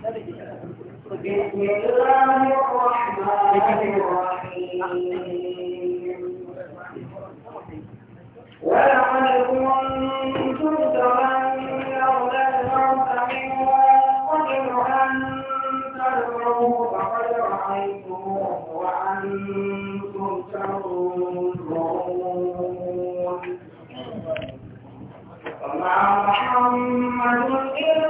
بسم الله الرحمن الرحيم ولقد كنتم تمنون وأنتم تنظرون وما محمد إلا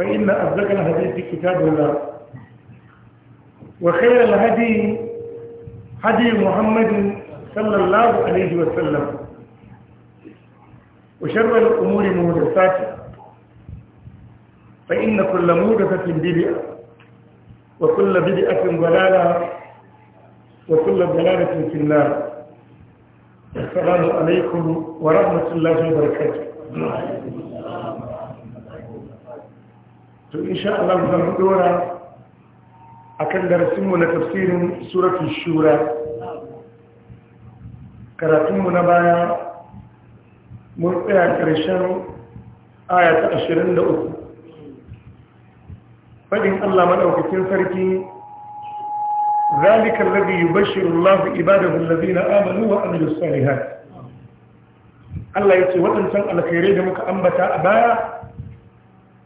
فإن أصدق في كتاب الله وخير الهدي هدي محمد صلى الله عليه وسلم وشر الأمور مهدساتها فإن كل مهدسة بدعة وكل بدئة ضلالة وكل ضلالة في النار السلام عليكم ورحمة الله وبركاته to insha Allah za mu dora akan darasinmu na tafsirin suratul shura karatunmu na baya mun tsaya ƙarshen aya ta 23 fadin Allah madaukakin sarki ذلك الذي يبشر الله عباده الذين آمنوا وعملوا الصالحات Allah ya ce waɗancan alkhairai da muka ambata a baya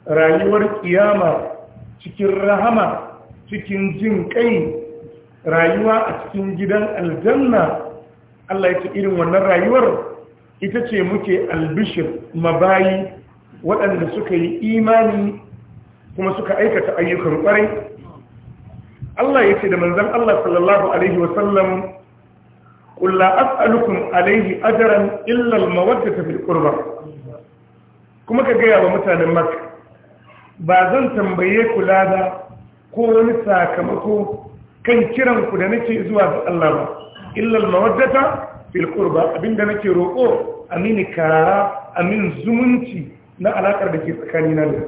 rayuwar kiyama cikin rahama cikin jin kai rayuwa a cikin gidan aljanna Allah ya ce irin wannan rayuwar ita ce muke albishir mabayi waɗanda suka yi imani kuma suka aikata ayyukan ƙwarai Allah ya ce da manzan Allah sallallahu Alaihi wasallam ƙulla as'alukum alaihi ajaran illal mawadda ta fi ƙurba kuma ka gaya wa mutanen maka ba zan tambaye ku lada ko wani sakamako kan kiran ku da nake zuwa ga Allah ba illal mawaddata fil qurba abinda nake roƙo amini karara amin zumunci na alakar da ke tsakani na da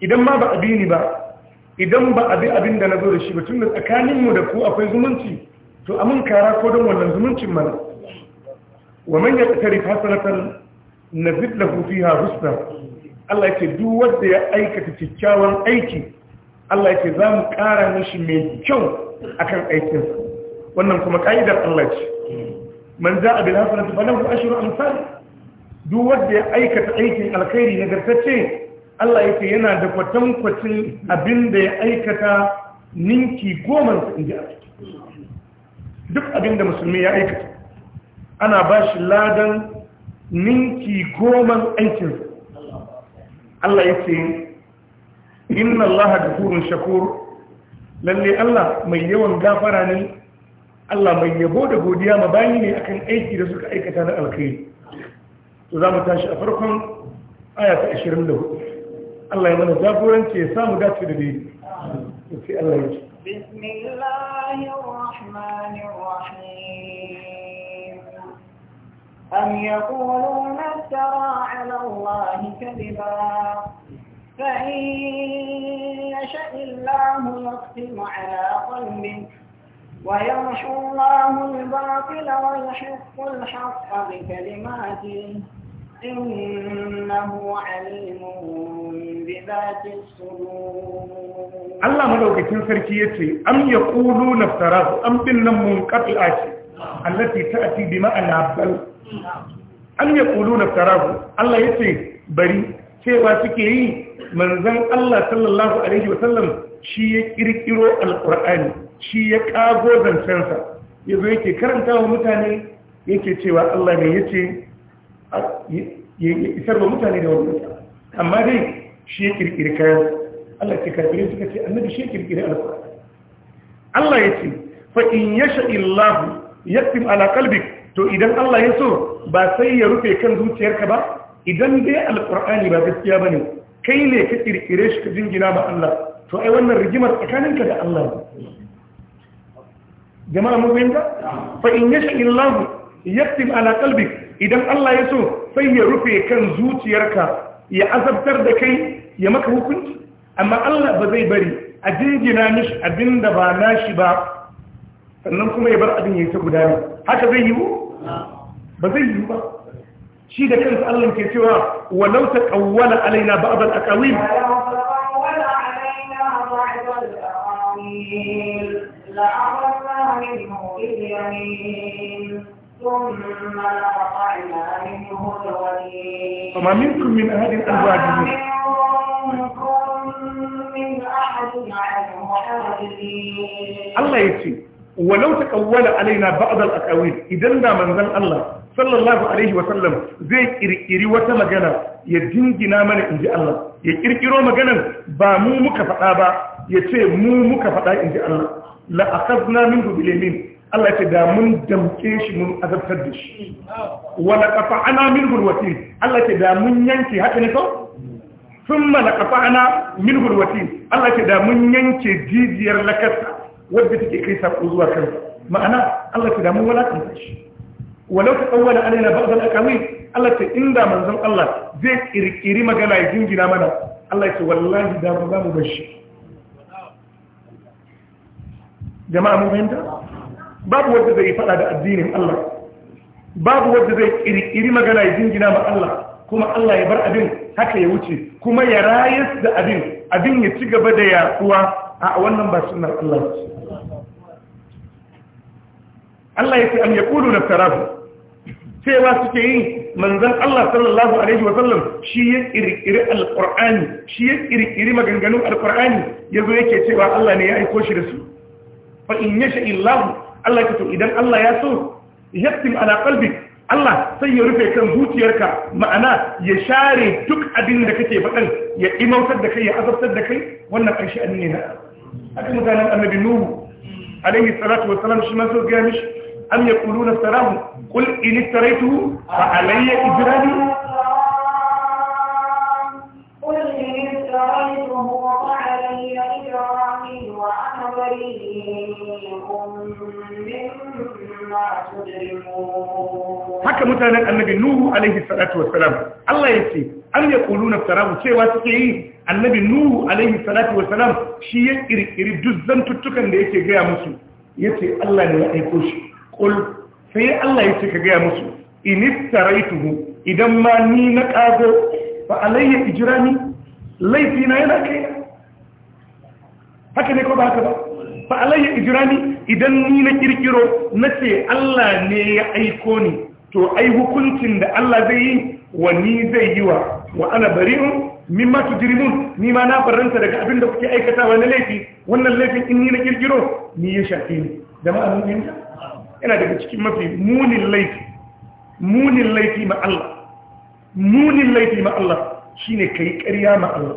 idan ma ba abini ba idan ba abi abinda na zo da shi ba tunda tsakanin mu da ku akwai zumunci to amin kara ko don wannan zumuncin mana wa man yaqtarif hasanatan nazid lahu fiha husna Allah yake duk wanda ya aikata kyakkyawan aiki Allah yake za mu ƙara mishi mai kyau akan aikinsa wannan kuma ka'idar Allah ce man za a bila sanatu fa lahu ashru amsal duk wanda ya aikata aikin alkhairi nagartacce Allah yake yana da kwatan abin da ya aikata ninki goma in ji duk abin da musulmi ya aikata ana ba shi ladan ninki goma aikinsa Allah ya ce inna Allah ghafurun shakur lalle Allah mai yawan gafara ne Allah mai yabo da godiya ma bayi ne akan aiki da suka aikata na alkhairi to za mu tashi a farkon aya ta 24 Allah ya mana jagoranci ya samu dace da dai sai Allah ya ce bismillahir أم يقولون افترى على الله كذبا فإن يشاء الله يختم على قلبك ويمحو الله الباطل ويحق الحق بكلماته إنه عليم بذات الصدور الله ملوكتين سركيتي أم يقولون افتراه أم بالنمون قتل التي تأتي بمعنى بل an ya kulu na tarahu Allah ya ce bari cewa suke yi manzan Allah sallallahu alaihi wasallam shi ya kirkiro alkur'ani shi ya kago zancensa ya zo yake karanta wa mutane yake cewa Allah ne ya ce ya isar wa mutane da wani amma dai shi ya kirkiri kayan Allah ce karfi suka ce annabi shi ya kirkiri alkur'ani Allah ya ce fa in yasha illahu yaktim ala qalbik to idan Allah ya so ba sai ya rufe kan zuciyarka ba idan dai alkur'ani ba gaskiya ba ne kai ne ka kirkire shi ka jingina ba Allah to ai wannan rigimar tsakaninka da Allah jama'a mun fahimta fa in yasha illahu yaktim ala qalbik idan Allah ya so sai ya rufe kan zuciyarka ya azabtar da kai ya maka hukunci amma Allah ba zai bari a jingina mishi abinda ba nashi ba sannan kuma ya bar abin ya ta gudana haka zai yi ba zai yi ba shi da kansa Allah ke cewa walau ta kawwala alaina ba'd al-aqawil وما منكم من أحد أزواجه الله يسير walau taqawwala alaina ba'd al-aqawil idan da manzon Allah sallallahu alaihi wa sallam zai ƙirƙiri wata magana ya dingina mana inji Allah ya kirkiro maganan ba mu muka faɗa ba ya ce mu muka faɗa inji Allah la akhadna minhu bil yamin Allah ce da mun damke shi mun azabtar da shi wala qafa'ana minhu watin Allah ce da mun yanke haka ne watin Allah ce da mun yanke wadda take kai sako zuwa kan ma'ana Allah ta damu wala kan shi walau ta tsawwala alaina ba'd al-aqawi Allah ta inda manzon Allah zai kirkiri magana ya jingina mana Allah ya ce wallahi da mu za bar shi jama'a mu fahimta babu wanda zai fada da addinin Allah babu wanda zai kirkiri magana ya jingina ma Allah kuma Allah ya bar abin haka ya wuce kuma ya rayas da abin abin ya ci gaba da yaduwa a wannan ba sunan Allah ce Allah ya ce am yaqulu naftarahu cewa suke yi manzon Allah sallallahu alaihi wa sallam shi ya kirkiri alqur'ani shi ya kirkiri maganganun ya yazo yake cewa Allah ne ya aiko shi da su fa in yasha illahu Allah ya idan Allah ya so yaktim ala qalbik Allah sai ya rufe kan zuciyarka ma'ana ya share duk abin da kake faɗan, ya imautar da kai ya azabtar da kai wannan ƙarshe ne أكيد مثلا النبي نوح عليه الصلاة والسلام مش ما سوى جامش أم يقولون السلام قل إن افتريته فعلي إجرامي haka mutanen annabi nuhu alaihi salatu wassalam Allah yace an yaquluna tarahu cewa suke yi annabi nuhu alaihi salatu wa salam shi ya kirkiri duk zantuttukan da yake gaya musu ya ce Allah ne ya aiko shi qul sai Allah ya ce ka gaya musu inistaraituhu idan ma ni na kago fa alayya ijrami laifi na yana kai haka ne ko ba haka ba fa alayya ijrami idan ni na kirkiro ce Allah ne ya aiko ni to ai hukuncin da Allah zai yi wa ni zai yi wa wa ana bari'un mimma tujrimun ni ma na barranta daga abin da kuke aikatawa na laifi wannan laifin in ni na kirkiro ni ya shafe ni da ma'amin yana daga cikin mafi munin laifi munin laifi ma Allah munin laifi ma Allah shine kai ƙarya ma Allah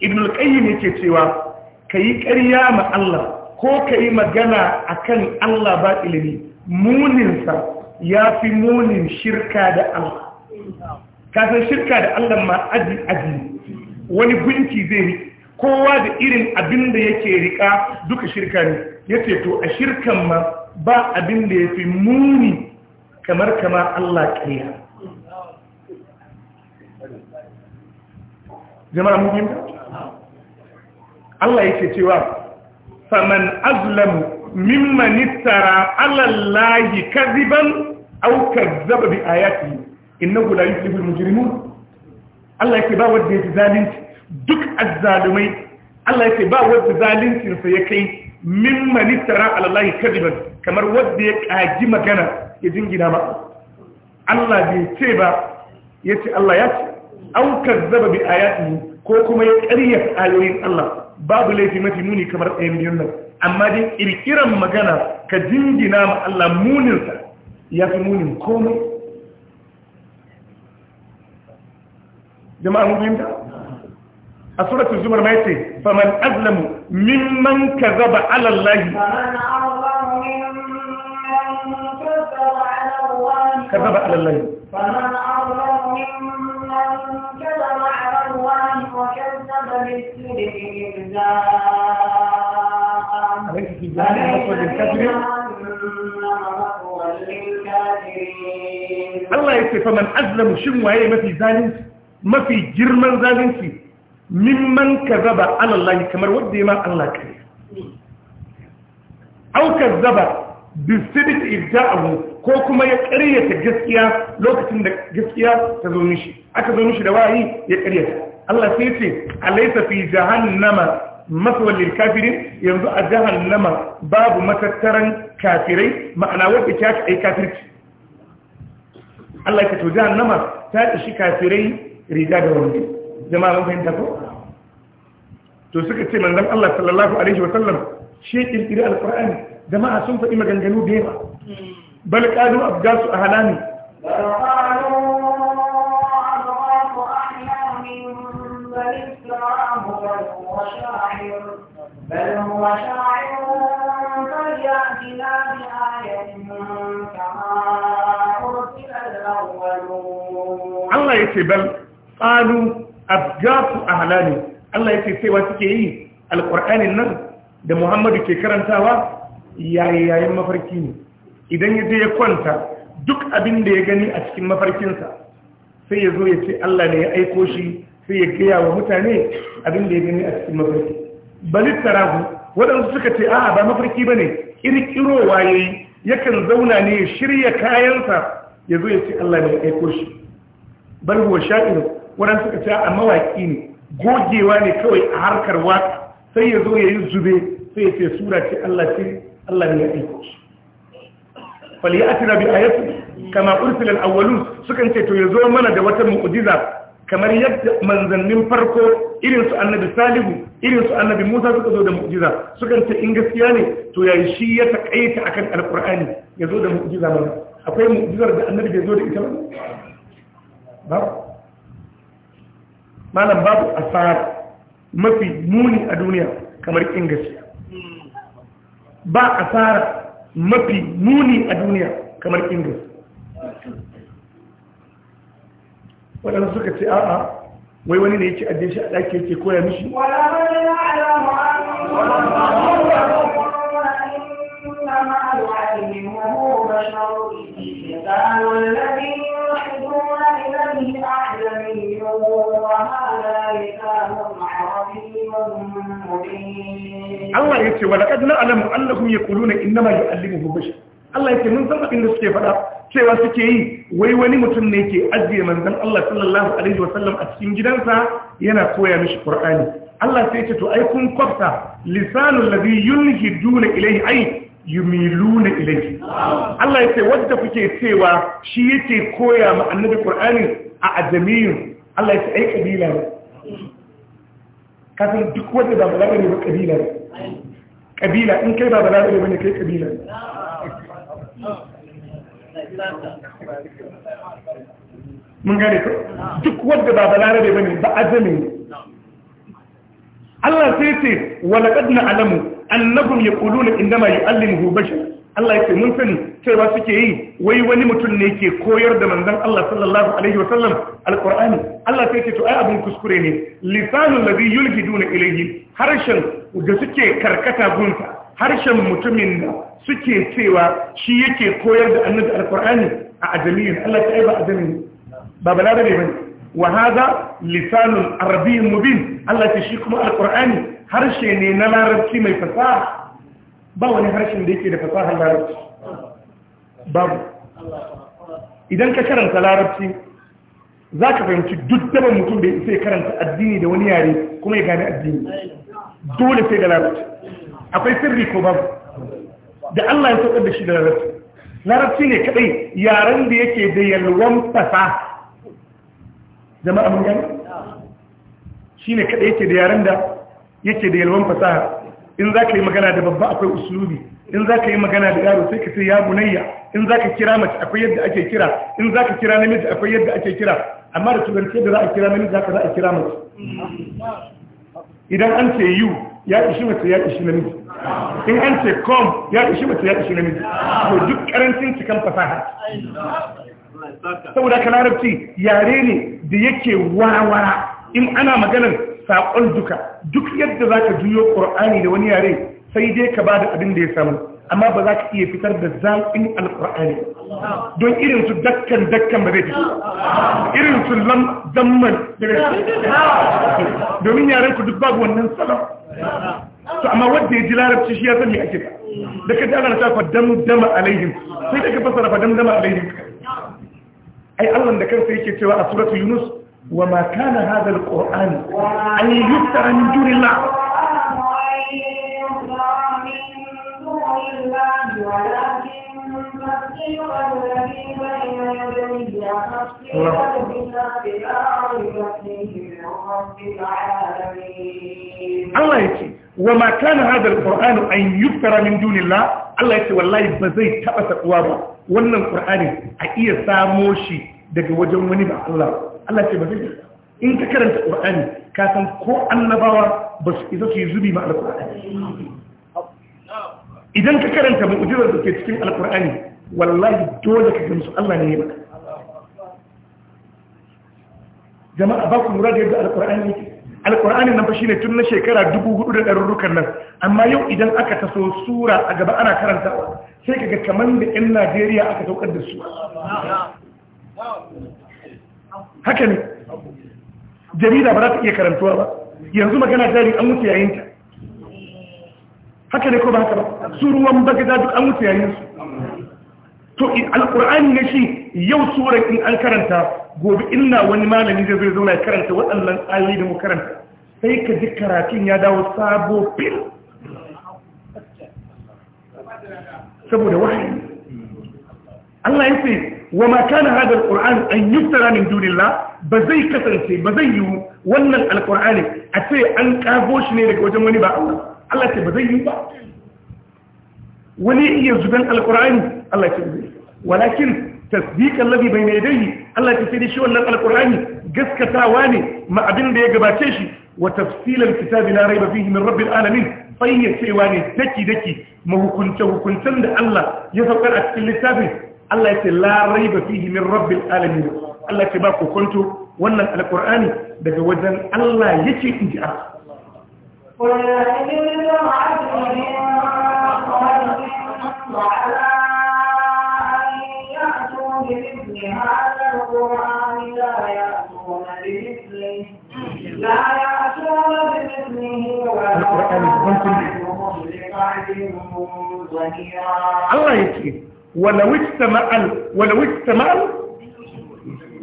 ibn al-qayyim yake cewa kai ƙarya ma Allah ko kai magana akan Allah ba ilimi Muninsa ya fi munin shirka da Allah kasan shirka da Allah ma aji aji wani gunki zai yi kowa da irin abin da yake rika duka shirka ne yace to a shirkan ma ba abin da yafi muni kamar kama Allah kariya jama'a mun Allah yake cewa faman azlamu mimman tara ala Allah kadiban aw kazzaba bi ayatihi innahu la yuflihul mujrimun Allah yake ba wanda yake zalunci duk azzalumai Allah yake ba wanda zaluncin sa ya kai min manistara ala Allah kadiban kamar wanda ya kaji magana ya jingina ma Allah bai ce ba yace Allah ya ce an kazzaba bi ayatihi ko kuma ya ƙarya ayoyin Allah babu laifi mafi muni kamar ɗayan biyun nan amma dai ƙirƙiran magana ka jingina ma Allah muninsa ya fi munin komai jama'a mu'min da a suratul zumar ma yace faman كذب على الله فمن أظلم ممن كذب على الله وكذب بالسلف إذا أليس في جهنم مثوى للكافرين الله يقول فمن أظلم شنو هي ما في ذلك mafi girman zalunci mimman zaba, alallah kamar wanda ya ma Allah kare au kazaba bisidik abu ko kuma ya karyata gaskiya lokacin da gaskiya ta zo mishi aka zo mishi da wayi ya karyata Allah sai ce alaysa fi jahannama maswal lil kafirin yanzu a jahannama babu matattaran kafirai ma'ana wanda kake ai kafirci Allah ya to jahannama ta ishi kafirai riga da wani jama'a mun fahimta ko to suka ce manzon Allah sallallahu alaihi wa sallam shi kirkiri alqur'ani jama'a sun faɗi maganganu da yawa bal qalu abgasu ahlami بل هو شاعر فليأتنا بآية كما qalu abgasu ahlani Allah yake cewa suke yi alqur'anin nan da Muhammadu ke karantawa yayi yayin mafarki ne idan yaje ya kwanta duk abin da ya gani a cikin mafarkinsa sai ya zo ya ce Allah ne ya aiko shi sai ya gaya wa mutane abin da ya gani a cikin mafarki balit tarahu waɗansu suka ce a'a ba mafarki bane ya yi, yakan zauna ne ya shirya kayansa ya zo ya ce Allah ne ya aiko shi bal huwa sha'ir waɗansu suka ce a mawaƙi ne gogewa ne kawai a harkar waka sai ya zo ya yi zube sai ya ce sura ce Allah ce Allah ne ya aiko shi faliyatina bi ayati kama ursila al-awwalun sukan ce to ya zo mana da wata mu'ujiza kamar yadda manzannin farko irin su annabi salihu irin su annabi musa suka zo da mu'ujiza sukan ce in gaskiya ne to ya yi shi ya takaita akan Alƙur'ani ya zo da mu'ujiza mana akwai mu'ujizar da annabi bai zo da ita ba malam babu asara mafi muni a duniya kamar kin gaskiya ba asara mafi muni a duniya kamar kin gaskiya suka ce a'a wai wani ne yake ajiye shi a ɗaki yake koya mishi قالوا الذين يحبون Allah ya ce wala kadna alamu annahum yaquluna innama yu'allimuhu bashar Allah ya ce mun san abin da suke faɗa cewa suke yi wai wani mutum ne ke ajiye manzon Allah sallallahu alaihi wasallam a cikin gidansa yana koya mishi Qur'ani Allah sai ya ce to ai kun kwafta lisanul ladhi yulhiduna ilai, ai na ilai. Allah ya ce wadda kuke cewa shi yake koya ma annabi Qur'ani a ajamiyun Allah ya ce ai kabila ne kafin duk wanda ba balaga ne ba kabila ne kabila in kai ba balaga ne bane kai kabila ne mun gane ko duk wanda ba balaga ne bane ba azami ne Allah sai ce wa laqad na'lamu annahum yaquluna innama yu'allimuhu bashar Allah ya ce mun sani cewa suke yi wai wani mutum ne ke koyar da manzon Allah sallallahu alaihi wa sallam alqur'ani Allah sai ce to ai abun kuskure ne lisanul ladhi yulhiduna ilayhi harshen da suke karkata gunta harshen mutumin da suke cewa shi yake koyar da annabi alqur'ani a ajamiyin Allah ta ba ajamiyin ba balarabe bane wa hada lisanul arabiy mubin Allah ta shi kuma alqur'ani harshe ne na larabci mai fasaha ba wani harshen da yake da fasahar larabci babu idan ka karanta larabci za ka fahimci duk ban mutum da sai karanta addini da wani yare kuma ya gane addini dole sai da larabci akwai sirri ko babu da Allah ya saukar da shi da larabci larabci ne kadai yaren da yake da yalwan fasa jama'a mun gani shi ne kadai yake da yaren da yake da yalwan fasaha in za ka yi magana da babba akwai usulubi in za ka yi magana da yaro sai ka ce ya bunayya in za ka kira mace akwai yadda ake kira in za ka kira namiji akwai yadda ake kira amma da turanci da za a kira namiji haka za a kira mace idan an ce yu ya ishi mace ya ishi namiji in an ce kom ya ishi mace ya ishi namiji to duk karancin cikan fasaha saboda ka larabci yare ne da yake wawa in ana maganar saƙon duka duk yadda za ka juyo ƙur'ani da wani yare sai dai ka ba da abin da ya samu amma ba za ka iya fitar da zaƙin alƙur'ani don irin su dakkan dakkan ba zai fito irin su zamman domin yaren ku duk babu wannan salon to amma wadda ya ji larabci shi ya sani ake ba da ka dana ta fa damdama alaihim sai da ka fasara fa damdama alaihim ai Allah da kansa yake cewa a suratul yunus وما كان هذا القرآن أن يفترى من دون الله Allah ya ce, wa ma kana hadar Qur'anu an yuftara min dunillah Allah ya ce wallahi ba zai taɓa sakuwa ba wannan Qur'ani a iya samo shi daga wajen wani ba Allah ba Allah ce ba zai in ka karanta Qur'ani ka san ko annabawa ba su isa su yi zubi ma alqur'ani idan ka karanta mu'jizar da ke cikin alqur'ani wallahi dole ka gamsu Allah ne ya maka jama'a ba ku lura da yadda alqur'ani yake alqur'ani nan shine tun na shekara 4000 da ɗarurrukan nan amma yau idan aka taso sura a gaba ana karantawa sai kaga kamar da 'yan Najeriya aka saukar da su haka ne jarida ba za ta iya karantuwa ba yanzu magana jari an mutu yayin haka ne ko ba haka ba su ruwan bagada duk an mutu yayin su to alkur'ani ne shi yau surar in an karanta gobe ina wani malami zai zai ya karanta waɗannan ayoyi da mu karanta sai ka ji karatun ya dawo sabo fil saboda wahayi Allah ya ce wa ma kana hada alquran an yuftara min dunillah ba zai kasance ba zai yi wannan alqur'ani a ce an kago shi ne daga wajen wani ba Allah Allah ce ba zai yi ba wani iya zuban alqur'ani Allah ce zai walakin tasdiqan Allah ce sai shi wannan alqur'ani gaskatawa ne ma abinda ya gabace shi wa tafsilan kitabi la raiba fihi min rabbil alamin fayyacewa ne daki daki mahukunce hukuncen da Allah ya saukar a cikin littafin Allah ya ce la raiba fihi min rabbil alamin Allah ya ba ku kwanto wannan alqur'ani daga wajen Allah yake inji Allah لا يأتون بمثله ولا يأتون بمثله Allah ya ce, ولو اجتمع ولو اجتمع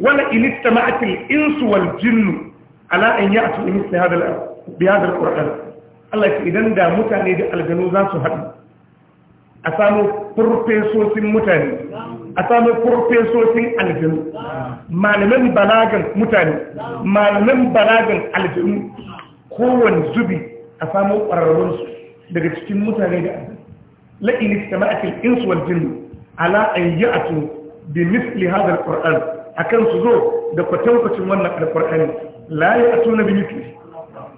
ولئن اجتمعت الإنس والجن على أن يأتوا بمثل هذا الأمر بهذا القرآن الله إذن دا متاني دي الجنو ذا سهد أسامو فرفيسوس متاني أسامو فرفيسوس الجنو malamin balagan mutane malamin balagan aljanu kowane zubi a samun ƙwararrunsu daga cikin mutane da la'ini ta ma'akil insu wal jinnu ala an yi atu bi misli hadar ƙwar'an a kan su zo da kwatankwacin wannan alƙwar'ani la ya atu na bi misli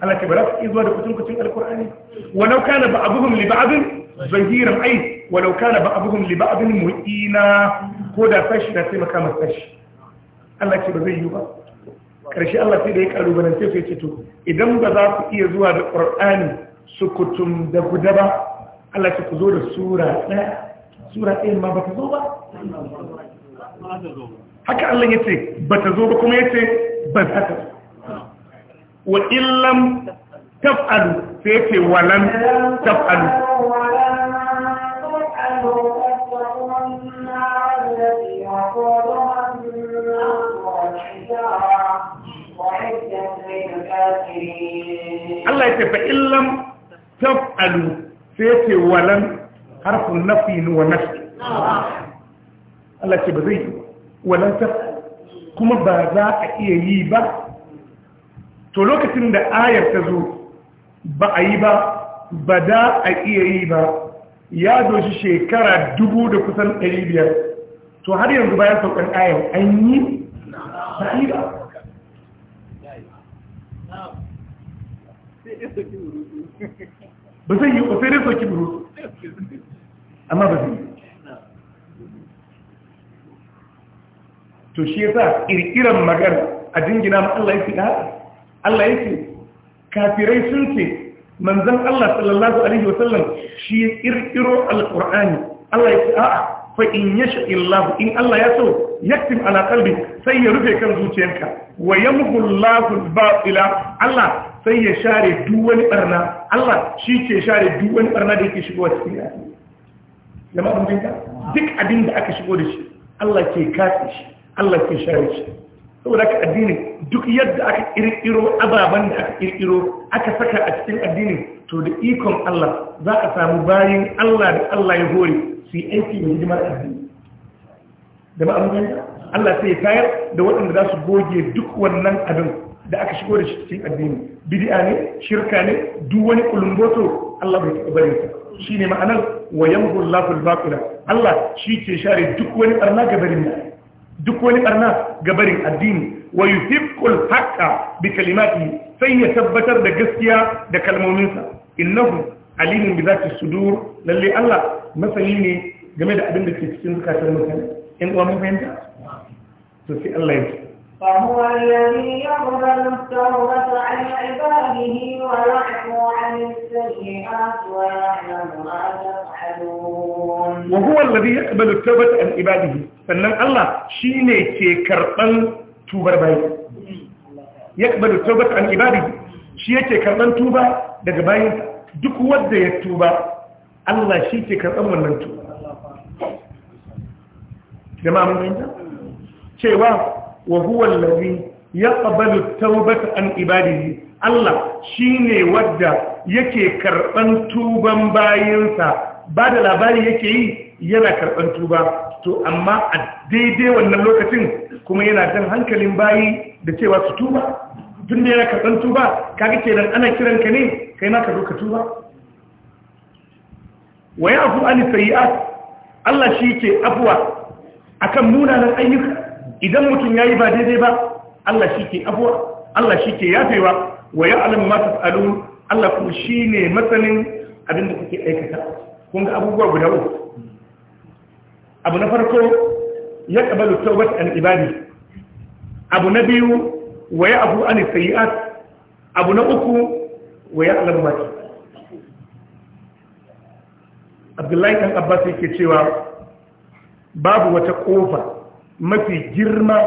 ala ke bara su zuwa da kwatankwacin alƙwar'ani walau kana ba abuhum li ba'abin zahiran ai walau kana ba abuhum li ba'abin mu'ina ko da sashi na taimaka ma sashi Allah ce ba zai yi ba ƙarshe Allah sai da ya ƙalubalen sai idan baza ku iya zuwa da ƙur'ani su da ba Allah ce ku zo da sura ɗaya sura ɗayan ma ba ta zo ba haka Allah ya ce ba ta zo ba kuma ya ce ba za ta zo wa illam taf'alu sai ya ce walan taf'alu Allah ya ce fa illam taf'alu sai ya ce walan harfin nafi wa nafi Allah ce ba zai walanta kuma ba za a iya yi ba to lokacin da ayar ta zo ba a yi ba ba da a iya yi ba ya doshi shekara dubu da kusan ɗari biyar to har yanzu bayan saukan ayar an yi ba yi ba ba zai yi ba sai dai sauki burutu amma ba zai to shi yasa kirkiran magana a dingina ma Allah yake da Allah yake kafirai sun ce manzon Allah sallallahu alaihi wasallam shi ya kirkiro alqur'ani Allah yake a fa in yasha illahu in Allah ya so yaktim ala qalbi sai ya rufe kan zuciyarka wa yamhu Allahu al-batila Allah sai ya share duk wani barna Allah shi ke share duk wani barna da yake shigo cikin ya jama'a mun dinka duk abin da aka shigo da shi Allah ke katse shi Allah ke share shi saboda ka addinin duk yadda aka ƙirƙiro, ababen da aka ƙirƙiro, aka saka a cikin addinin to da ikon Allah za a samu bayin Allah da Allah ya hore su yi aiki mai hidimar addini jama'a mun dinka Allah sai ya tayar da waɗanda za su goge duk wannan abin da aka shigo da cikin addini bid'a ne shirka ne duk wani kulumboto Allah bai taɓa bari ta shine ma'anar wa yamhu Allahul baqila Allah shi ke share duk wani barna gabarin duk wani barna gabarin addini wa yuhibbul haqqa bi kalimati sai ya tabbatar da gaskiya da kalmominsa innahu alimun bi zati sudur lalle Allah masani ne game da abin da ke cikin zakatar mutane in uwa mun fahimta to sai Allah ya فهو الذي يقبل التوبه عن عباده ويعفو عن السيئات ويعلم ما وهو الذي يقبل التوبة عن عباده فنن الله شيني تي كربن توبة باي يقبل التوبة عن عباده شيني تي كربن توبة دك باي دك ود يتوبة الله شيني تي كربن من من توبة جماعة من عندنا شيء واو wa huwa allazi yaqbalu at-taubata an ibadihi Allah shine wadda yake karban tuban bayinsa ba da labari yake yi yana karban tuba to amma a daidai wannan lokacin kuma yana jan hankalin bayi da cewa su tuba tun da yana karban tuba kaga kenan ana kiran ka ne kai ma ka zo ka tuba wa ya'fu an sayyi'at Allah shi ke afwa akan munanan ayyuka idan mutum ya yi ba daidai ba Allah shi ke abuwa, Allah shi ke yafewa wa alam ma tas'alu Allah ku shine masanin abin da kuke aikata kun ga abubuwa guda uku abu na farko ya qabalu tawbat al ibadi abu na biyu wa ya'fu an sayiat abu na uku wa alam ma abdullahi kan abbas yake cewa babu wata kofa mafi girma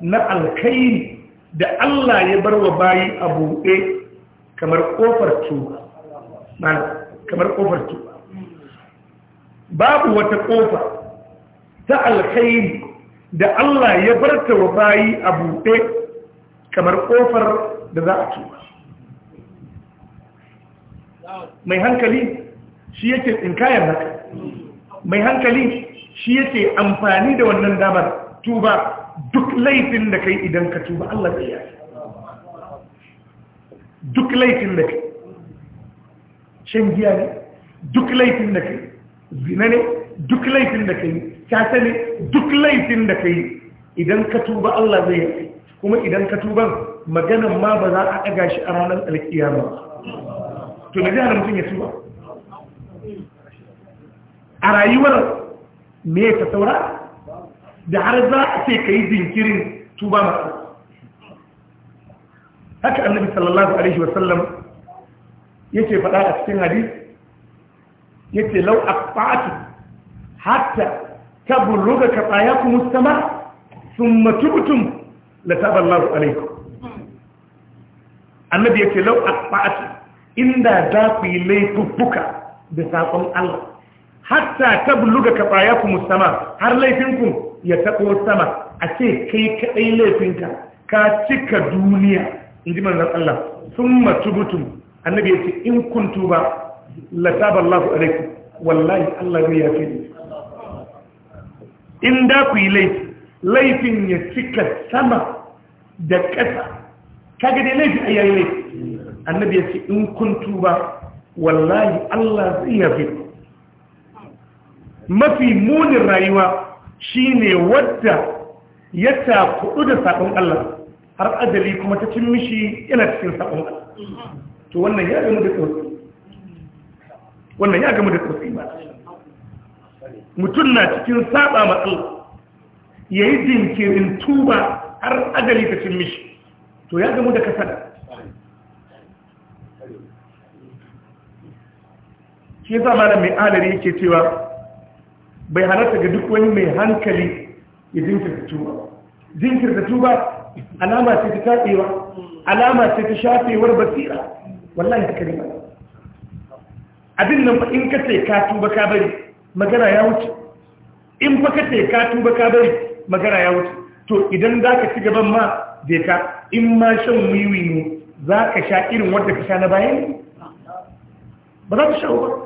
na alkhairi da Allah ya bar wa bayi a buɗe kamar ƙofar tuba kamar ƙofar tuba babu wata ƙofa ta alkhairi da Allah ya bar ta wa bayi a buɗe kamar ƙofar da za a tuba mai hankali shi yake tsinkayar haka mai hankali shi yake amfani da wannan damar tuba duk laifin da kai idan ka tuba Allah zai yafi duk laifin da kai shan giya ne duk laifin da kai zina ne duk laifin da kai kyata ne duk laifin da kai idan ka tuba Allah zai yafi kuma idan ka tuban maganan ma ba za a ɗaga shi a ranar alkiyama to na jihar mutum ya tuba a rayuwar me ta saura da har za a ce ka yi jinkirin tuba masu haka annabi sallallahu alaihi wasallam ce faɗa a cikin hadis ce lau a fa'atu hatta ta burruga ka tsaya ku mustama sun matubutun da taballahu alaikum annabi ya ce lau a fa'atu inda za ku yi laifuffuka da saƙon Allah hatta ta bulluga ka tsaya ku mustama har laifinku ya taɓo sama a ce kai kaɗai laifinka ka cika duniya in ji manzan Allah sun mutum annabi ya ce in kuntu kun tuba Allah ku alaiku wallahi Allah zai yafe ne in da ku yi laifi laifin ya cika sama da ƙasa Ka dai laifi a yayi laifin annabi ya ce in kuntu ba. wallahi Allah zai yafe mafi munin rayuwa Shi ne wadda ya takudu da sakon Allah har ajali kuma ta cin mishi yana cikin sakon Allah to wannan ya gama da tsotsi wannan ya da ba mutum na cikin saba matsu ya yi jinkirin tuba har adali ta cin mishi to ya gama da kasada ke zama da mai alari yake cewa bai halatta ga duk wani mai hankali ya jinkirta tuba jinkirta tuba alama ce ta tsaɗewa alama ce ta shafewar basira wallahi ta kalima abin nan in ka ce ka tuba ka bari magana ya wuce in fa ka ce ka tuba ka bari magana ya wuce to idan za ka ci gaban ma zai ka in ma shan wiwi ne za ka sha irin wadda ka sha na bayan ba za ka sha ba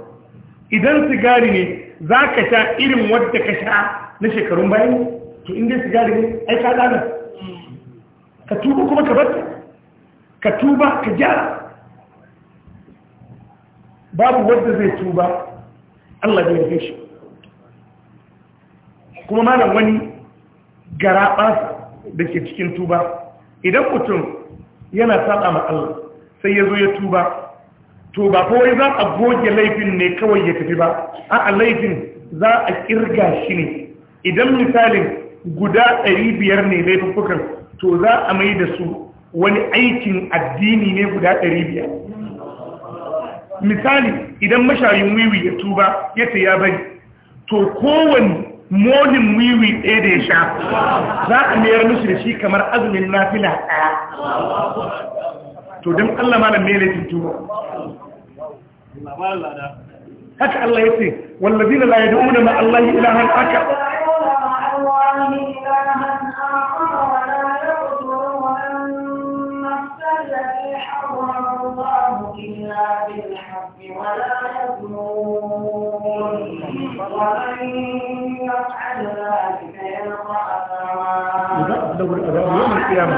idan sigari ne za ka sha irin wadda ka sha na shekarun bayan to inda sigari ne ai ka dana ka tuba kuma ka bata ka tuba ka gyara babu wadda zai tuba Allah ya yafe shi kuma malam wani garaɓa da ke cikin tuba idan mutum yana sada ma Allah sai ya zo ya tuba to ba kawai za a goge laifin ne kawai ya tafi ba a laifin za a kirga shi ne idan misalin guda ɗari biyar ne laifukan to za a mai da su wani aikin addini ne guda ɗari misali idan mashayin wiwi ya tuba ya ta ya bari to kowane molin wiwi ɗaya da ya sha za a mayar musu da shi kamar azumin nafila ɗaya to dan Allah malam ne laifin juma haka Allah ya ce wallazina la yad'una ma Allah ilahan aka ومن يفعل ذلك يلقى أثاما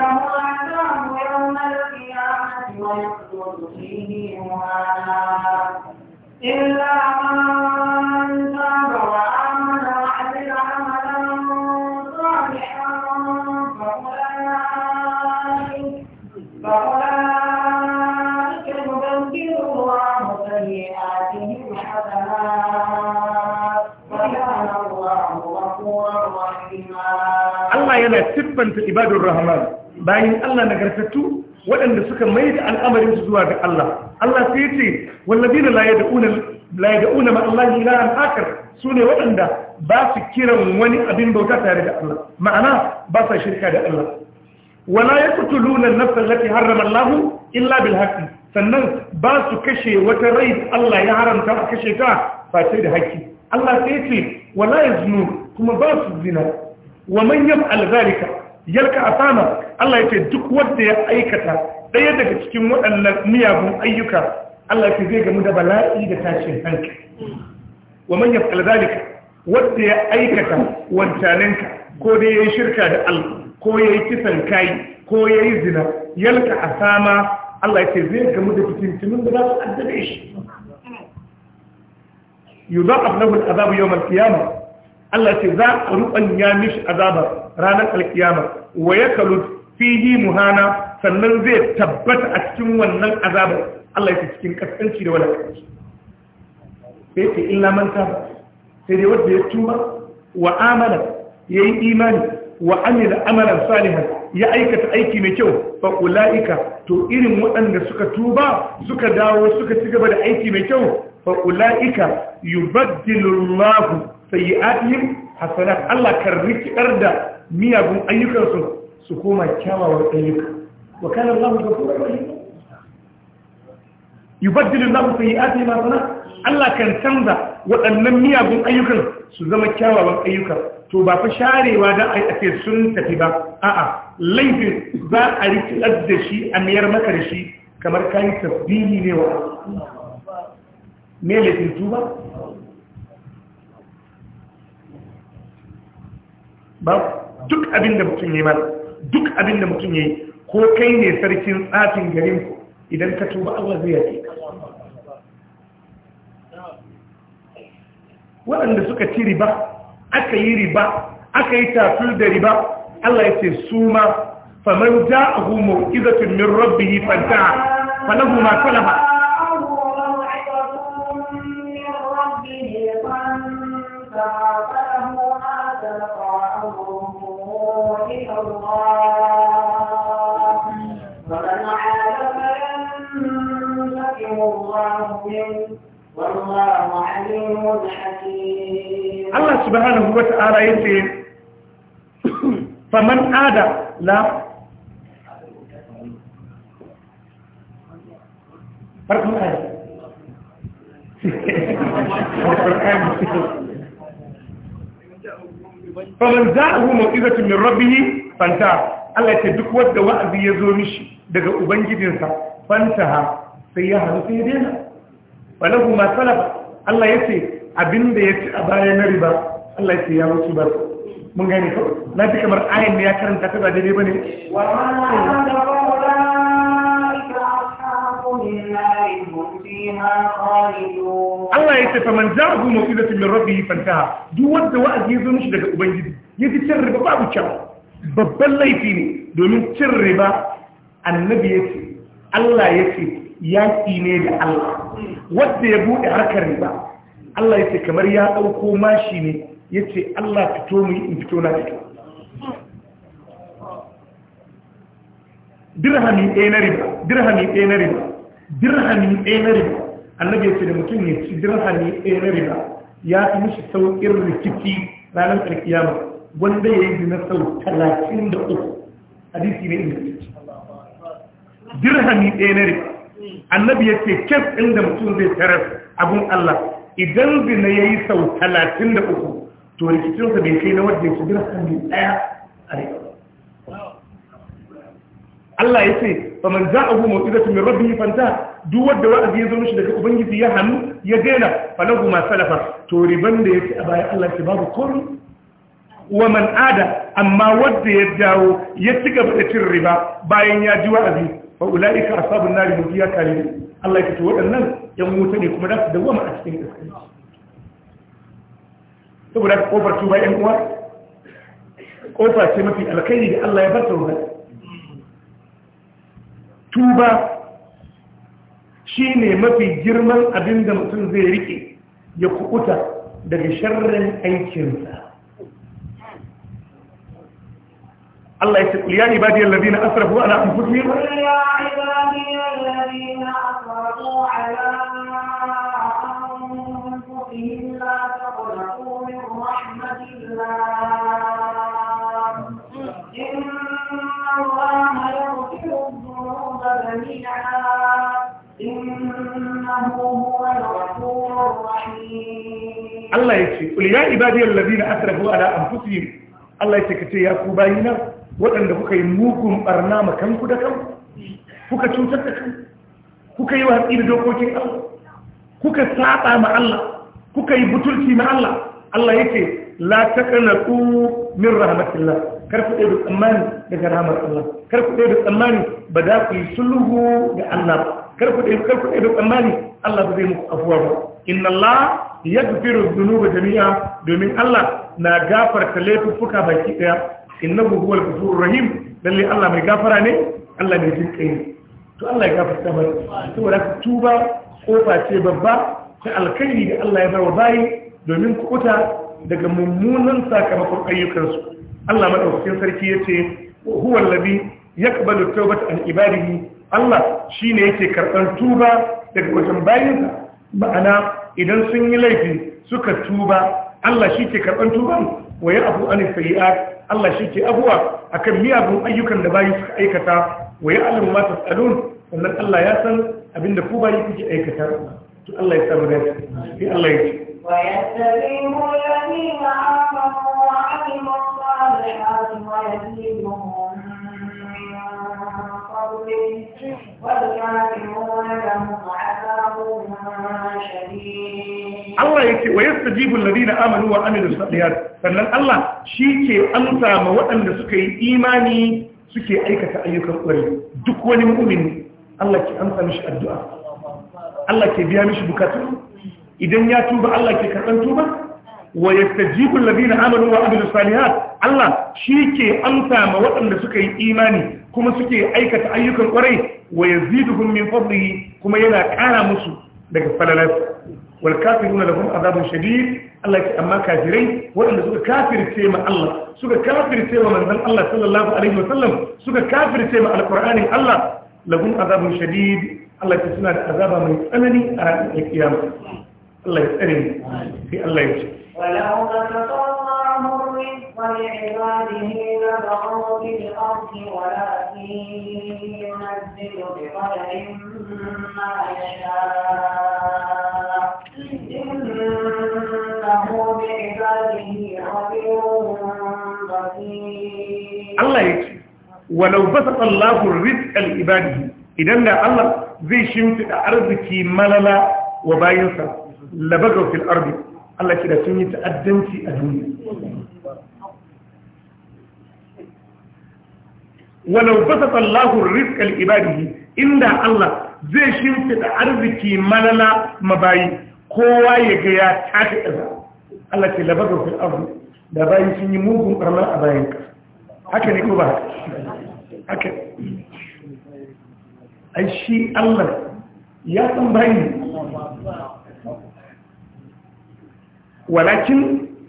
يسجد فيه يوحنا إلا من تاب وآمن وعمل عملا صالحا فأولئك فأولئك يبدل الله سيئاتهم حسنات وكان الله غفورا رحيما الله يلا سبا في عباد الرحمن باين الله نغرفتو waɗanda suka mai da al'amarin su zuwa ga Allah Allah sai ce wallazina la yad'una la yad'una ma Allah ilahan su sune waɗanda ba su kiran wani abin bauta tare da Allah ma'ana ba sa shirka da Allah wala kutu an-nafs allati harrama lahu illa bil haqqi sannan ba su kashe wata rai Allah ya haramta a kashe ta ba sai da haƙƙi Allah sai ce wala yaznu kuma ba su zina wa manyan yaf'al yalka asama Allah ya ce duk wanda ya aikata daya daga cikin waɗannan miyagun ayyuka Allah ya ce zai gamu da bala'i da tashin hankali wa man yaf'al zalika wanda ya aikata wancaninka, ko dai yayi shirka da Allah ko yayi kisan kai ko yayi zina yalka asama Allah ya ce zai gamu da fitintunin da za su addabe shi yudha'af lahu al'azabu yawm al-qiyamah Allah ya ce za a ruɓanya mishi azabar ranar alkiyama wa ya kalu fihi muhana sannan zai tabbata a cikin wannan azabar Allah ya cikin kaskanci da wadatanci sai ce illa sai dai wanda ya tuba wa amana yayi imani wa amina amalan salihan ya aikata aiki mai kyau fa ulaika to irin waɗanda suka tuba suka dawo suka ci gaba da aiki mai kyau fa ulaika yubaddilu Allahu sayyi'atihim hasanat Allah kan rikidar da miyagun ayyukansu su koma kyawawar ayyuka wa kana Allah ghafurur rahim yubaddilu Allah sayyi'ati ma sana Allah kan canza waɗannan miyagun ayyukan su zama kyawawan ayyuka to ba fa sharewa da a ake sun tafi ba a'a laifin za a rikilar da shi a miyar maka da shi kamar kayi tasbihi ne wa me laifin tuba ba duk abin da mutum ya mana duk abin da mutum ya yi ko kai ne sarkin tsafin garin ku idan ka tuba Allah zai yake waɗanda suka ci riba aka yi riba aka yi tafil da riba Allah ya ce su ma faman ja'ahu mau'izatun min rabbihi fantaha falahu ma talaha Allah subhanahu wa ta'ala yace faman ada la farkon ayi faman za'ahu mau'izatun min rabbih fanta Allah ce duk wanda wa'azi ya zo mishi daga ubangijinsa fanta sai ya halu sai ya dena walahu ma salafa Allah ya ce abin da ya ci a baya na riba Allah ya ce ya wuce ba mun gani ko na fi kamar ayin da ya karanta ta ba ne ba ne Allah ya ce fa man ja'ahu mawqidatin min rabbih fantaha duk wanda wa'azi ya zo mishi daga ubangiji ya ci cin riba babu kyau babban laifi ne domin cin riba annabi ya ce Allah ya ce yaƙi ne da Allah wadda ya buɗe harkar riba Allah ya ce kamar ya ɗauko mashi ne ya ce Allah fito mu in fito na fito dirhami ɗaya na riba dirhami ɗaya na riba ɗaya na riba annabi ya ce da mutum ya ci dirhami ɗaya na riba ya fi mishi sauƙin rikici ranar alkiyama wanda ya yi na sau talatin da uku a ne inda dirhami ɗaya na riba annabi ya ce kes ɗin da mutum zai tarar abin Allah idan zina ya yi sau talatin da uku to rikicinsa bai kai na wadda ya shigar hannu ɗaya a rikon Allah ya ce ba man za a goma wadda mai rabin yi fanta duk wadda wa'azi ya zama shi daga ubangiji ya hannu ya daina falagu ma salafa to riban da ya ce a bayan Allah ce babu kori wa man ada amma wadda ya dawo ya ci gaba da cin riba bayan ya ji wa'azi fa ulaika ashabun nar hum fiha khalidun Allah ya ce waɗannan yan wuta ne kuma za su dawama a cikin gaskiya saboda ƙofar tuba yan uwa kofa ce mafi alkhairi da Allah ya farta wa tuba shine mafi girman abin da mutum zai rike ya kukuta daga sharrin aikinsa Allah ya ce da ibadiyar na asrafu ala anfusihim ya Allah ya ce, "Kuliya ibadiyar labina a tarafi ala amfusi Allah ya ce ka ce, "Ya ku bayina waɗanda kuka yi mugun ɓarna makanku da kan, kuka cutar da kanku. kuka yi watsi da dokokin Allah kuka saba ma Allah kuka yi butulci ma Allah Allah yake la taqnatu min rahmatillah kar ku dai tsammani daga rahmar Allah kar ku dai tsammani ba da ku yi sulhu ga Allah kar ku dai kar ku dai tsammani Allah zai muku afuwa ba inna Allah yaghfiru dhunuba jami'a domin Allah na gafarta laifuka baki daya innahu huwal ghafurur rahim lalle Allah mai gafara ne Allah mai jinkai ne to Allah ya saboda haka tuba kofa ce babba ta alkhairi da Allah ya bar wa bayi domin kuɓuta daga mummunan sakamakon ayyukansu Allah madaukakin sarki yace huwa allazi yaqbalu tawbata an ibadihi Allah shine yake karban tuba daga wajen bayinsa ma'ana idan sun yi laifi suka tuba Allah shi ke karɓar tuban wa abu an sayi'at Allah shi ke abuwa akan miyagun ayyukan da bayi suka aikata wa ya ma tas'alun sannan Allah ya san abinda ku bayi kuke aikata to Allah ya samu dace sai Allah ya ce wa yastabihu alladhina amanu wa amilu salihati wa yaziduhum Allah ya ce wa yasta jibin ladina amanu wa aminu sadiyar sannan Allah shi ke amsa ma waɗanda suka yi imani suke aikata ayyukan ƙwari duk wani mu'min Allah ke amsa mishi addu'a Allah ke biya mishi bukatu idan ya tuba Allah ke karɓar tuba wa yastajibu alladhina amanu wa amilus salihat Allah shi ke amsa ma waɗanda suka yi imani kuma suke aikata ayyukan kwarai wa yaziduhum min fadlihi kuma yana ƙara musu daga falalarsa wal da lahum azabin shadid Allah ke amma kafirai waɗanda suka kafirce ma Allah suka kafirce ma manzon Allah sallallahu alaihi wasallam suka kafirce ma alqur'anin Allah lahum azabun shadid Allah ya suna da azaba mai tsanani a ranar kiyama Allah ya tsare mu sai Allah ya ce walau qatallahu rizqa li ibadihi la ba'u bil ardi walakin yunzilu bi qadarin ma yasha innahu bi ibadihi khabirun basir Allah ya ce walau basata Allahu rizqal ibadihi idan da Allah zai shimfida arziki malala wa bayinsa labagaw fil ardi Allah kida sun yi ta'addanci a duniya walau basata Allahu rizqal ibadihi inda Allah zai shimfida arziki malala mabayi kowa ya ga ya tafi Allah ce labagaw fil ardi da bayin sun yi mugun barna a bayan kasa haka ne ko ba haka ai shi Allah ya san bayin walakin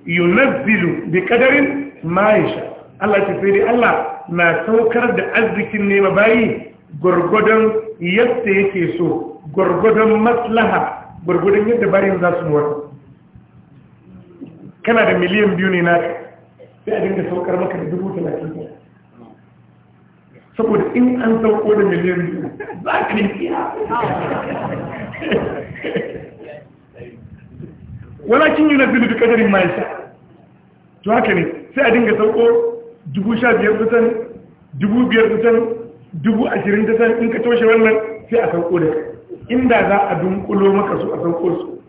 yunazzilu bi qadarin maisha Allah ya sai dai Allah na saukar da arzikin ne bayi gurgudan yadda yake so gurgudan maslaha gurgudan yadda bayin za su mutu kana da miliyan biyu ne naka sai a dinga saukar maka da dubu talatin ta saboda in an sauko da miliyan biyu za ka yi Wala kin yi na zilu da kadarin ma yasa to haka ne sai a dinga sauko dubu sha biyar kusan dubu biyar kusan dubu ashirin ta in ka toshe wannan sai a sauko da inda za a dunkulo maka su a sauko su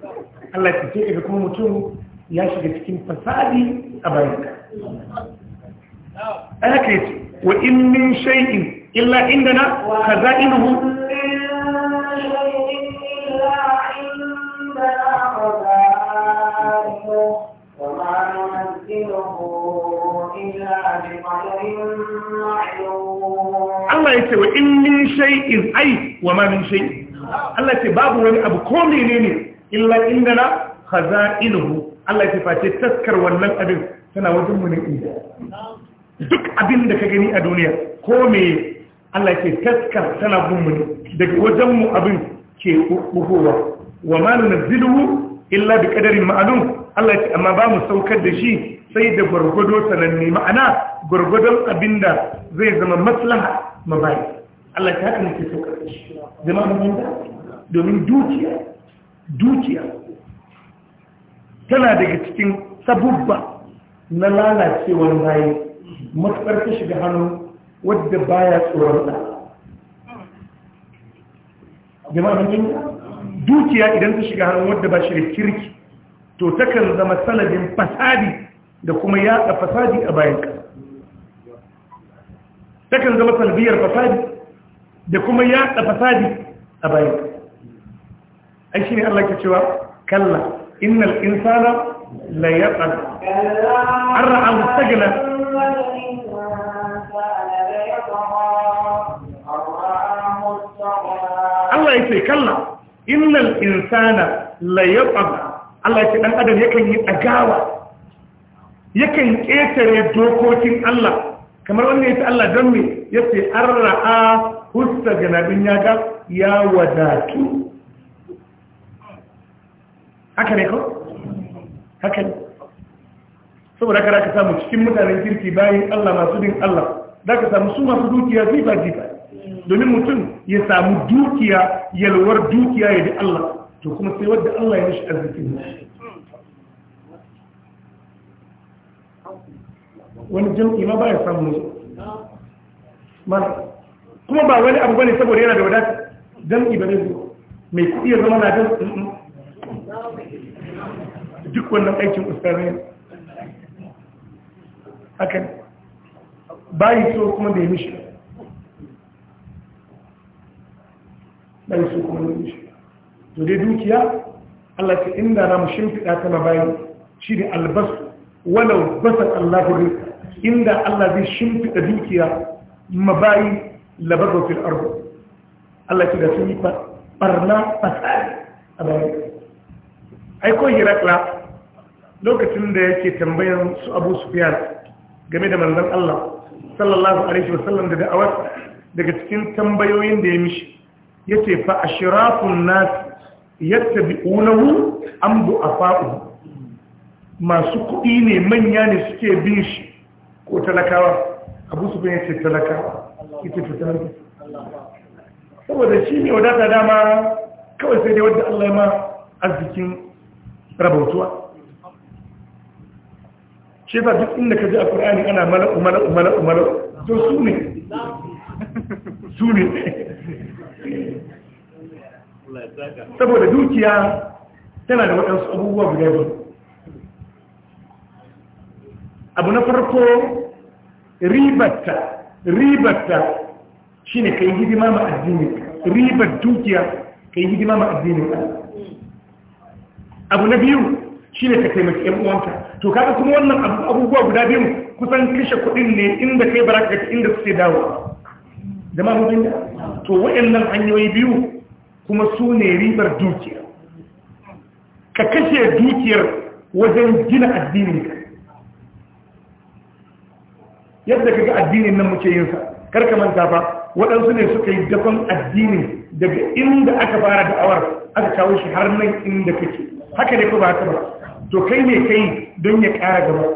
Allah ya ce ga kuma mutum ya shiga cikin fasadi a bayanka أكيد وإن من شيء إلا عندنا خزائنه الله يتوى إن من شيء أي وما من شيء الله يتوى باب وني أبو كوني إلا إننا خزائنه الله يتوى تذكر والمن أبو tana wajen mu ne duk abin da ka gani a duniya ko me Allah ke taskar tana gun mu daga wajen mu abin ke bugowa wa ma nunzilu illa bi qadarin ma'lum Allah ce amma ba mu saukar da shi sai da gurgudo sananne ma'ana gurgudon abinda zai zama maslaha ma bai Allah ta haka nake saukar da shi zama mun domin dukiya dukiya tana daga cikin sabubba na lalacewar bayi matuƙar ta shiga hannu wadda baya tsoron da jama'a mun dukiya idan ta shiga hannu wadda ba shi da kirki to takan zama sanadin fasadi da kuma yaɗa fasadi a bayan ƙasa takan zama salbiyar fasadi da kuma yaɗa fasadi a bayan ƙasa ai shi ne Allah ke cewa kalla innal insana la yaqad an ra'a mustaqlan Allah yace kalla innal insana la Allah yace dan adam yakan yi dagawa yakan ƙetare dokokin Allah kamar wanda ya Allah dan me ya ce an ra'a husta ganabin ya ga ya wadatu haka ne ko? haka ne saboda haka ka samu cikin mutanen kirki bayan Allah masu din Allah da ka samu su masu dukiya jifa jifa domin mutum ya samu dukiya yalwar dukiya ya bi Allah to kuma sai wadda Allah ya mishi arzikin wani jam'i ma ba ya samu kuma ba wani abu ne saboda yana da wadata jam'i ba ne mai kudi ya zama na duk wannan aikin ustazai haka bayi so kuma da ya mishi bayi so kuma bai mishi to dai dukiya Allah ta inda na mu shimfiɗa ta mabayi shi ne albasu walau basar Allah rizka inda Allah zai shimfiɗa dukiya ma mabayi labarwa fil arbo Allah ce da sun yi barna fasari a bayan aikon hirakla lokacin da yake tambayan su abu sufiyar game da manzan Allah sallallahu alaihi wasallam da da'awar daga cikin tambayoyin da ya mishi ya ce fa a shirafun nasi yadda bi'unahu an fa’u masu kuɗi ne manya ne suke bin shi ko talakawa abu su ce talakawa ita fitar saboda shi ne wadata dama kawai sai dai wadda Allah ya ma arzikin rabautuwa shi yasa duk inda ka ji a Qur'ani ana mala'u mala'u mala'u mala'u to su ne su ne saboda dukiya tana da waɗansu abubuwa guda biyu abu na farko ribarta ribarta shi ne ka yi hidima ma addini ribar dukiya ka yi hidima ma addini abu na biyu shi ne ka taimaki ‘yan uwanta. to kaga kuma wannan abubuwa guda biyu kusan kashe kuɗin ne inda kai baraka ga inda suke dawo da ma mutum to waɗannan hanyoyi biyu kuma su ne ribar dukiya ka kashe dukiyar wajen gina addininka yadda ka ga addinin nan muke yin sa karka manta ba, waɗansu ne suka yi dafan addinin daga inda aka fara da'awar aka kawo shi har nan inda kake haka ne ko ba haka ba to kai ne kai don ya ƙara gaba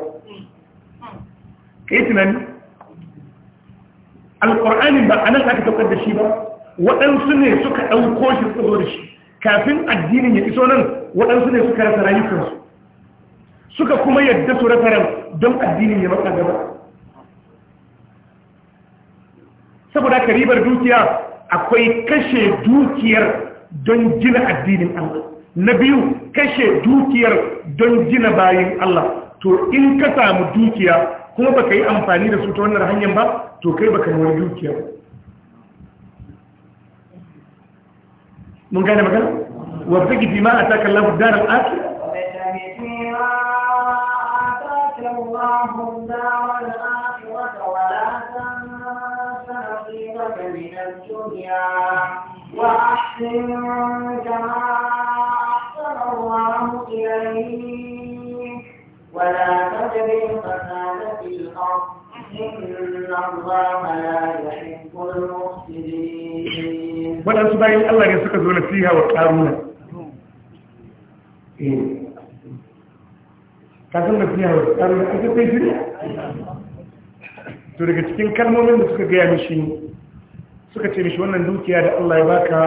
kai tunani alƙur'anin ba a nan aka saukar da shi ba waɗansu ne suka ɗauko shi suka da shi kafin addinin ya iso nan waɗansu ne suka rasa rayukansu suka kuma yadda su rasa ran don addinin ya matsa gaba saboda ka ribar dukiya akwai kashe dukiyar don gina addinin Allah na biyu kashe dukiyar don gina bayin Allah to in ka samu dukiya kuma baka yi amfani da su ta wannan hanyar ba to kai baka yi dukiya mun gane magana wa fiki bi ma ataka Allahu al akhir وأحسن ولا تبغي فساد في الأرض إن الله لا يحب المفسدين ولا سبعين الله يسكت ولا فيها وقارنا kasan da fiya wa tsarin aka kai to daga cikin kalmomin da suka gaya mishi suka ce mishi wannan dukiya da Allah ya baka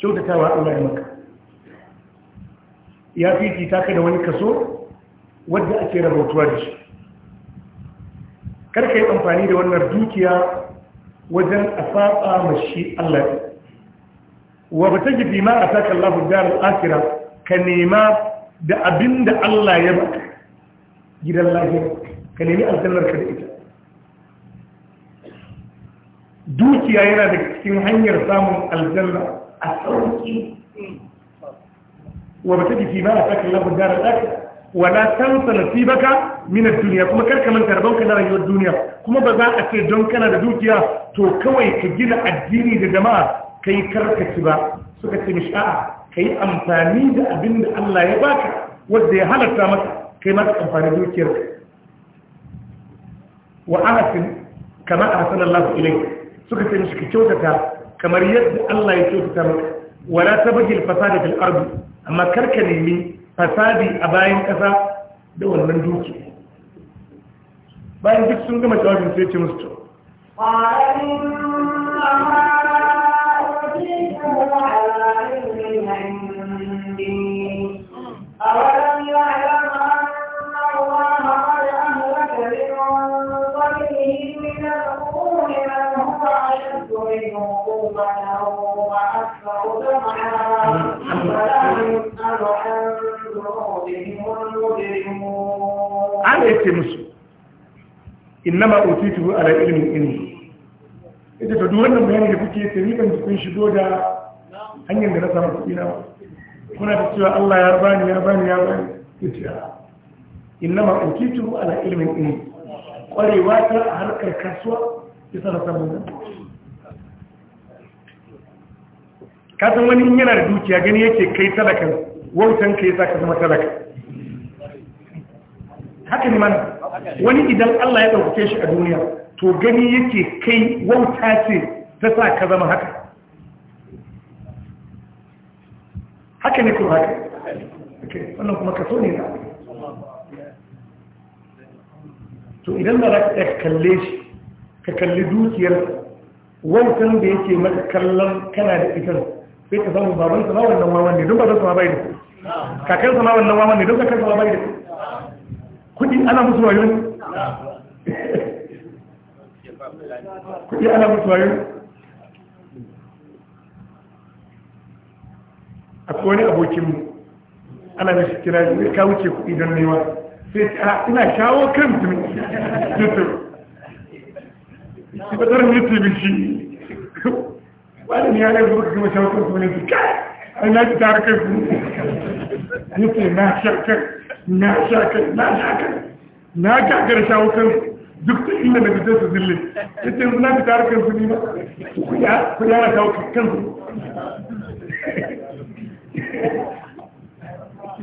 kyautatawa Allah ya maka ya ka da wani kaso wadda ake rabautuwa da shi karka yi amfani da wannan dukiya wajen a saba mashi Allah wa ba ta gifi ma a takan lafin jarar akira ka nema da abin da Allah ya baka gidan lahira ka nemi aljannar ka da ita dukiya yana da cikin hanyar samun aljanna a sauƙi. wa ba ta gifi ma a takan lafin jarar akira wala tansa nasibaka min ad-dunya kuma kar ka manta rabonka na rayuwar duniya kuma ba za a ce don kana da dukiya to kawai ka gina addini da jama'a kai karkaci ba suka ce mishi a'a kai amfani da abin da Allah ya baka wanda ya halatta maka kai ma ka amfani dukiyar wa ahsin kama a Allah ilayka suka ce mishi ka kyautata kamar yadda Allah ya kyautata maka wala tabghi al-fasada fil ardi amma karka nemi fasadi a bayan ƙasa da wannan duki bayan duk sun gama jawabin sai ce musu to أولم an ya ce musu ma utituhu ala ilmin inni ita ta duk wannan bayani da kuke ce ni ban kun shigo da hanyar da na samu kuɗi na kuna ta cewa Allah ya bani ya bani ya bani inna ma utituhu ala ilmin inni kwarewa ta harkar kasuwa isa sana samu ka san wani yana da dukiya gani yake kai talakan wautan kai yasa ka zama talaka haka ne mana wani idan Allah ya ɗauke shi a duniya to gani yake kai wauta ce ta sa ka zama haka haka ne kuma haka wannan kuma kaso ne na to idan da za ka kalle shi ka kalli dukiyar wautan da yake maka kallon kana da ita sai ka samu babansa ma wannan wawan ne don babansa ma bai da kakansa ma wannan wawan ne don kakansa ma bai da kudi ana musu wayo kudi ana musu wayo akwai wani abokinmu ana da shi kira ne ka wuce kuɗi don nema sai ta ina shawo kan mutum youtube shi batar youtube shi wani ne ya yi zuwa kuma shawo kan mutum ne su kai an na ci tare kan su youtube na shawo kan na sha kai na sha kai na kakar shawo kansu duk da inda na fita su zille ya ce yanzu na fita harkar su nima ku yana shawo kansu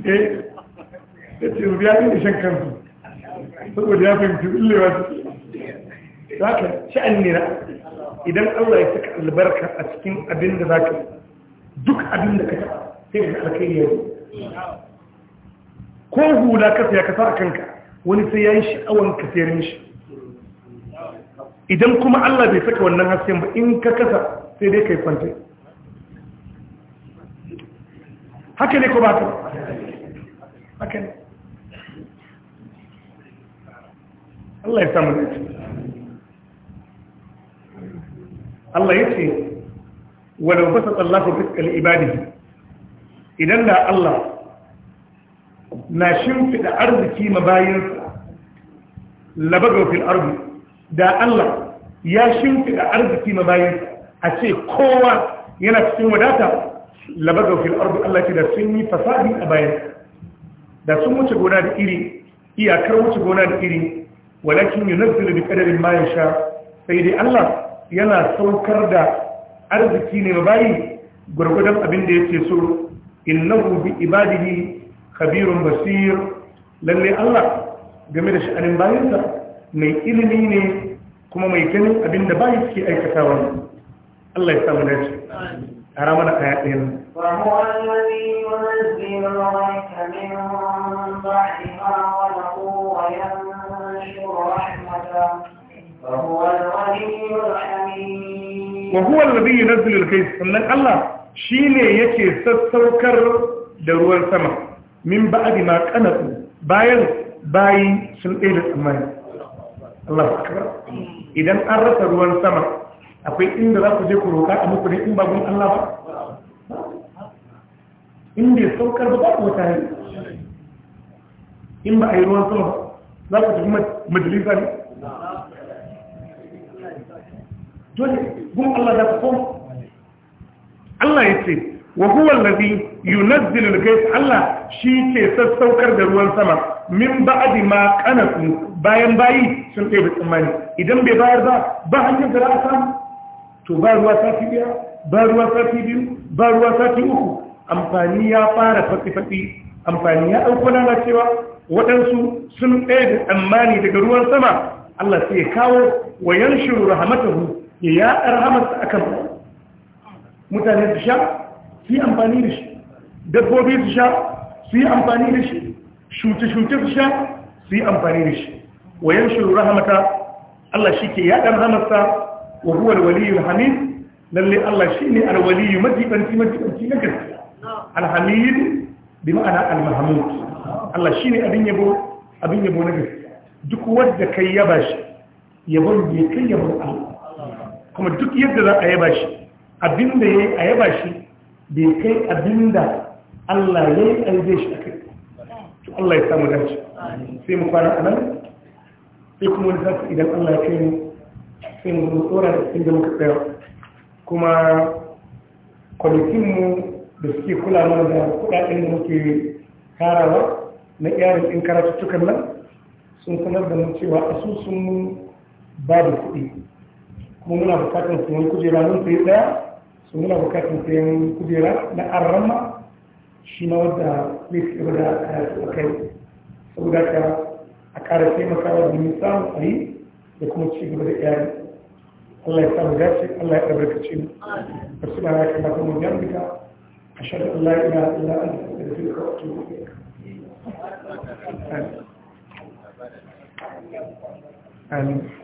eh ya ce yanzu ya ɗin shan kansu saboda ya fahimci zillewa su za ka sha'an nira idan allah ya saka albarka a cikin abin da za ka duk abin da ka taɓa sai ka alkai yau ko hula ka saya ka sa a kanka wani sai ya yi sha'awan ka sayarin shi idan kuma Allah bai saka wannan hasken ba in ka kasa sai dai kai kwanta haka ne ko ba ka haka ne Allah ya samu da Allah ya ce wadda basa tsallafa fiskal ibadihi idan da Allah na shimfiɗa arziki ma bayansa labagawa ardu da Allah ya shimfiɗa arziki ma bayansa a ce kowa yana cikin wadata labagawa fil ardu Allah ce da sun yi fasadi a bayansa da sun wuce gona da iri iyakar wuce gona da iri walakin yunazzilu bi qadarin ma yasha sai dai Allah yana saukar da arziki ne bayi gwargwadon abin da yake so innahu bi ibadihi kabirun basir lalle Allah game da sha'anin bayansa mai ilimi ne kuma mai ganin abinda da bayi suke aikatawa Allah ya samu dace a ramana aya ɗaya nan وهو الذي ينزل عليك من sannan Allah shine yake sassaukar da ruwan sama min ba'di ma qanatu bayan bayi sun ɗaya da tsammani Allah akbar idan an rasa ruwan sama akwai inda za ku je ku roƙa a muku ne in ba gun Allah ba in bai saukar ba ku wata ne in ba a yi ruwan sama za ku tafi majalisa ne dole gun Allah za ku koma Allah ya ce wa huwa allazi yunazzilu al-kayf Allah shi ke sassaukar da ruwan sama min ba'di ma qanatu bayan bayi sun ɗebe tsammani idan bai bayar ba ba hanyar da za samu to ba ruwa sati biya ba ruwa sati biyu ba ruwa sati uku amfani ya fara fatsi amfani ya ɗauko lalacewa waɗansu sun ɗaya da tsammani daga ruwan sama Allah sai ya kawo wa 'yan shiru rahamatahu ya yaɗa rahamarsa akan mutane su sha su yi amfani da shi dabbobi su sha su yi amfani da shi shuce-shuce su sha su yi amfani da shi wayan shiru rahamata Allah shi ke yaɗar ramarsa wa huwa alwaliyul hamid lalle Allah shi ne alwaliyu majibanci majibanci na gaske, alhamid bi ma'ana almahamud Allah shi ne abin yabo abin yabo na gaske. duk wanda kai yaba shi yabon bai kai yabon Allah kuma duk yadda za a yaba shi abinda da ya a yaba shi bai kai abinda Allah ya yi aibe shi aka yi to Allah ya samu dace sai mu kwana anan sai kuma wani zafi idan Allah ya kai mu sai mu zo tsora da inda muka tsaya kuma kwamitin mu da suke kula mana da kudaden da muke karawa na yaron in karatuttukan nan sun sanar da mu cewa asusun mu da kuɗi kuma muna bukatar su wani kujera mun sai ɗaya su muna bukatar sayan kujera na arama shi ma wadda zai fi da a kai saboda ka a kara ƙara taimakawa domin samun tsari da kuma ci gaba da yari Allah ya samu dace Allah ya albarkace mu wasu ba ya kamata mu jami'a a shaɗa Allah ya ila Allah da zai ka wato Amin.